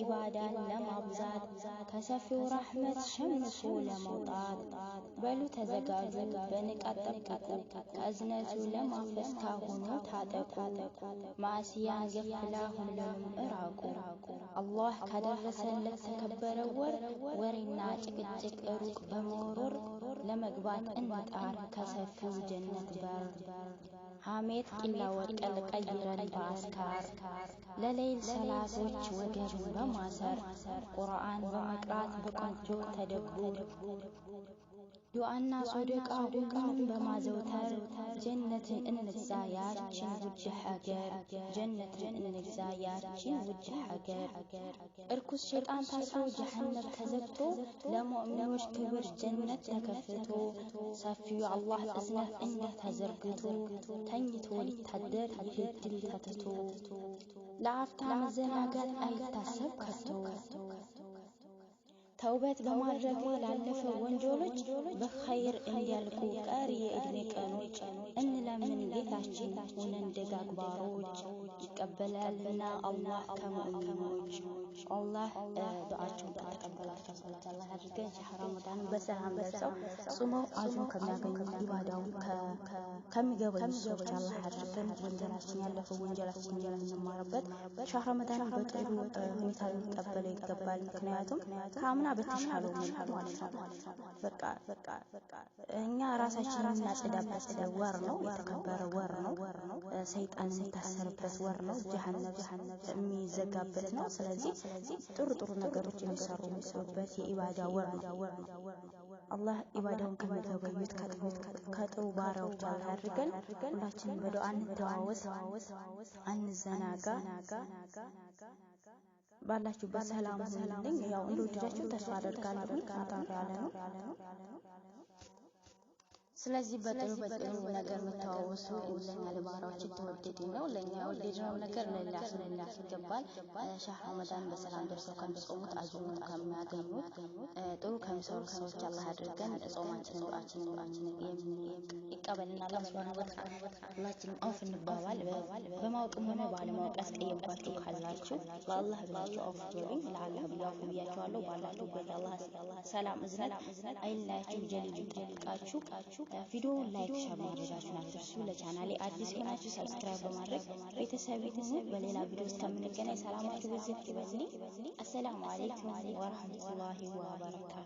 ኢባዳን ለማብዛት ከሰፊው ራህመት ሸምሶ ለመውጣት በሉ ተዘጋጁ በንቃት ጠብቁ ከእዝነቱ ለማፈስ ካሁኑ ታጠቁ ማዕስያን ገፍላ ሁሉንም እራቁ አላህ ካደረሰን ለተከበረ ወር ወሬና ጭቅጭቅ ሩቅ በመወርወር ለመግባት እንጣር ከሰፊው ጀነት በር ሐሜት ቂላ ወርቅ ቀይረን በአስካር ለሌል ሰላቶች ወገቡን በማሰር ቁርአን በመቅራት በቆንጆ ተደጉ ዱአና ሶደቃ ሁሉን በማዘውተር جنة إنك زايات شن وجه حجر جنة إنك زايات شن وجه حجر اركس شيطان فاسو جهنم تزبتو لمؤمنوش كبر جنة تكفتو سفيو الله أزنف إنه تزرقتو تنيتو لتحدر في التلتتو لعفتا قد أي تاسب كتو ተውበት በማድረግ ونجولج بخير إن እንዲያልቁ ቀሪ የእድሜ ተግባሮች ይቀበላልና አላህ ከሙእሚኖች አላህ ዱዓቸውን ከተቀበላቸው ሰላት አላህ አድርገን ሻህ ረመዳን በሰላም ደርሰው ጾመው አጁን ከሚያገኙ ኢባዳው ከሚገበኙ ሰዎች አላህ አድርገን ወንጀላችን ያለፈ ወንጀላችን የምንማርበት ሻህ ረመዳንን በጥሩ ሁኔታ ልንቀበለው ይገባል። ምክንያቱም ከአምና በተሻለው ሁኔታ ማለት ነው። በቃ በቃ በቃ እኛ ራሳችንን እናጽዳበት ወር ነው፣ የተከበረ ወር ነው። ሰይጣን የሚታሰርበት ወር ነው። ጀሃነም የሚዘጋበት ነው። ስለዚህ ጥሩ ጥሩ ነገሮች የሚሰሩ የሚሰሩበት የኢባዳ ወር ነው። አላህ ኢባዳውን ከሚገበዩት ከጥሩ ባሪያዎች አድርገን ሁላችን በዱዓ እንተዋወስ፣ አንዘናጋ። ባላችሁበት ሰላም ሁኑልኝ። ያው እንደወደዳችሁ ተስፋ አደርጋለሁ። ማታ ያለ ነው ስለዚህ በጥሩ በጥሩ ነገር መተዋወሱ ለኛ ለባህራዎች ተወደድ ነው። ለእኛ የወደድነው ነገር ለላስ ለላስ ይገባል። ሻህ ረመዳን በሰላም ደርሰው ከሚጾሙት አጅሩን ከሚያገኙት ጥሩ ከሚሰሩ ሰዎች አላህ አድርገን ጾማችንን ዱዓችንን ይቀበልና አላህ ሱብሓነሁ ወተዓላ ሁላችንም አውፍ እንባባል በማወቅም ሆነ ባለማወቅ ያስቀየምኳችሁ ካላችሁ በአላህ እዝናችሁ አውፍቶልኝ ለአላህ ብያፉ ብያችኋለሁ። ባላችሁበት አላህ ሰላም እዝነት አይለያችሁ፣ ጀልል ይጠብቃችሁ። ቪዲዮ ላይክ፣ ሸር ማድረጋችሁን አትርሱ። ለቻናሌ አዲስ ሆናችሁ ሰብስክራይብ በማድረግ ቤተሰብ ሁኑ። በሌላ ቪዲዮ እስከምንገናኝ ሰላማችሁ በዚህ ይበዝልኝ። አሰላሙ አለይኩም ወረህመቱላሂ ወበረካቱ